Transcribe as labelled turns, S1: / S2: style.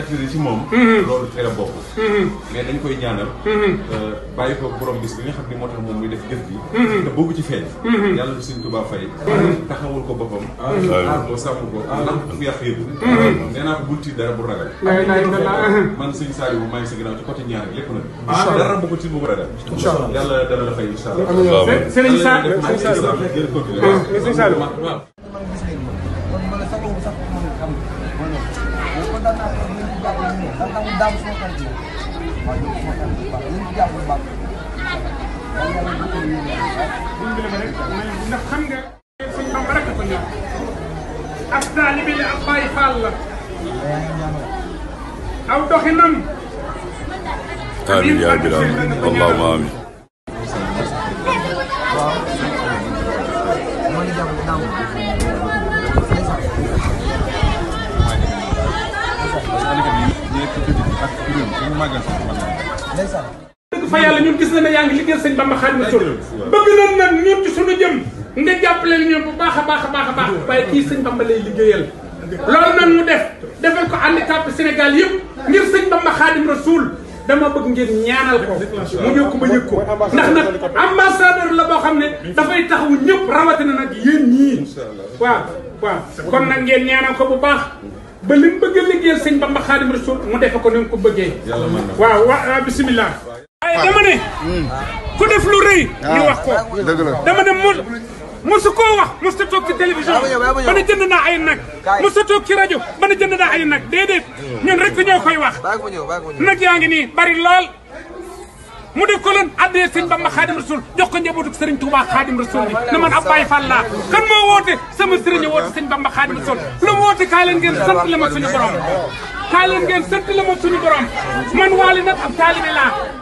S1: attiré ci moom. Mm-hmm. loolu teel a bokk. Mm-hmm. mais dañ koy ñaanal. Mm-hmm. Euh, bàyyi ko borom bis bi ñu xam ne moo tax moom muy def jëf bi. te boobu ci feeñ. yàlla na suñ Tuubaa ko boppam. Ah, aar ko sàmm ko ah, ndax fu yàq yëpp. nee naa tiit dara bu ragal. man si saali bu maa ngi sa ginnaaw ci côté ñaar lépp nag. Ah, dara bu ko tiit bu ko ragal. incha allah yàlla dana la fay incha allah. sëriñ Sall sëriñ Sall tentang aku menjaga ini dan semua kan dia maju semua kan dia ini dia berbak dan yang itu ini ndax xam nga suñ bam rek ko ñaan ak talibé li ak baye fall la aw doxinam amin allahumma fa yàlla ñun gis na ne yaa ngi liggéeyal sëñ Bamba Xaadimu Rasuul bëgg nañ nag ñun ci suñu jëm nga jàppale ñun bu baax a baax a baax a baax waaye kii sëñ Bamba lay liggéeyal loolu nag mu def defal ko handicapé Sénégal yëpp ngir sëñ Bamba Xaadimu Rasuul dama bëgg ngeen ñaanal ko mu yëg ko ma yëg ko ndax nag ambassadeur la boo xam ne dafay taxawu ñëpp rawatina nag yéen ñii waaw waaw kon nag ngeen ñaanal ko bu baax ba li mu bëgg a liggéeyal sëñ Bamba Xaadim Rasul mu defe ko ni mu ko bëggee. waaw waaw waaye dama ne. Hmm. ku def lu rëy. Ah. ñu wax ko dama ne mu. mosu koo wax mosu ta toog ci télévision ba ne jënd naa ay nag mosu ta toog ci rajo ba ne jënd naa ay nag déedéet hmm. ñun rek ñoo koy wax nag yaa ngi ni bari lool mu def ko leen addee sëñ Bamba Xaadim Rasul jox ko njabootu Sëriñ Tuubaa Xaadim Rasul bi na man ab Baay Fall laa kan moo woote sama sëriñ woote sëñ Bamba Xaadim Rasul kaay leen ngeen sant la ma suñu borom kaay leen ngeen sant la ma suñu borom man Wally nag ab taalibe laa